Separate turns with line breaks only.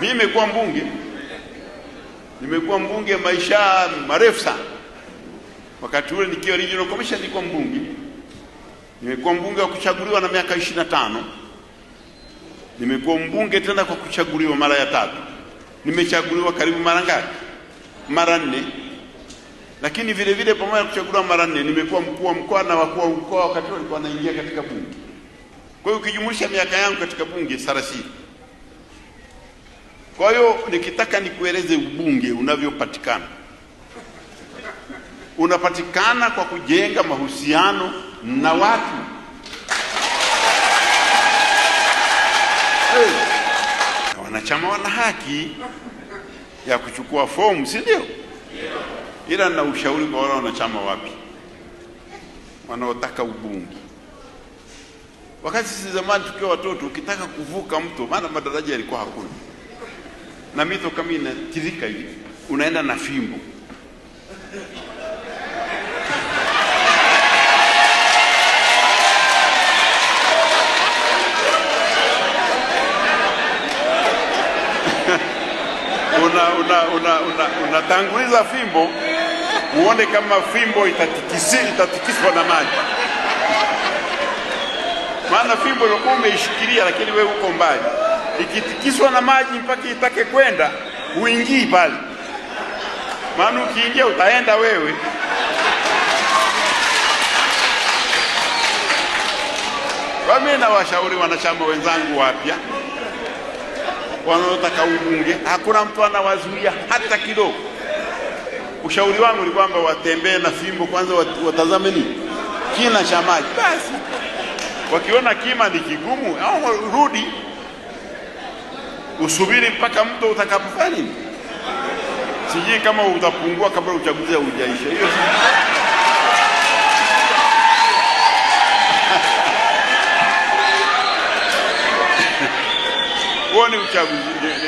Mimi nimekuwa mbunge, nimekuwa mbunge maisha marefu sana. Wakati ule nikiwa regional commission nilikuwa mbunge, nimekuwa mbunge wa kuchaguliwa na miaka ishirini na tano. Nimekuwa mbunge tena kwa kuchaguliwa mara ya tatu. Nimechaguliwa karibu mara ngapi? Mara nne. Lakini vile vile pamoja na kuchaguliwa mara nne, nimekuwa mkuu wa mkoa na wakuu wa mkoa wakati nilikuwa naingia katika bunge. Kwa hiyo ukijumulisha miaka yangu katika bunge thelathini kwa hiyo nikitaka nikueleze ubunge unavyopatikana, unapatikana kwa kujenga mahusiano na watu hey. wanachama wana haki ya kuchukua fomu, si ndio? Ila na ushauri kwa wale wanachama wapi wanaotaka ubunge wakati sisi zamani tukiwa watoto, ukitaka kuvuka mto, maana madaraja yalikuwa hakuna na mito kama inatirika hivi, unaenda na fimbo unatanguliza una, una, una fimbo uone kama fimbo itatikisi, itatikiswa na maji, maana fimbo ilikuwa umeishikilia, lakini wewe uko mbali ikitikiswa na maji mpaka itake kwenda, uingii pale, maana ukiingia utaenda wewe. Kwa mimi nawashauri wanachama wenzangu wapya wanaotaka ubunge, hakuna mtu anawazuia hata kidogo. Ushauri wangu ni kwamba watembee na fimbo kwanza, watazame nini kina cha maji. Basi wakiona kima ni kigumu, au rudi usubiri mpaka mto utakapofanya nini, sijui kama utapungua kabla uchaguzi haujaisha. Hiyo huo ni uchaguzi.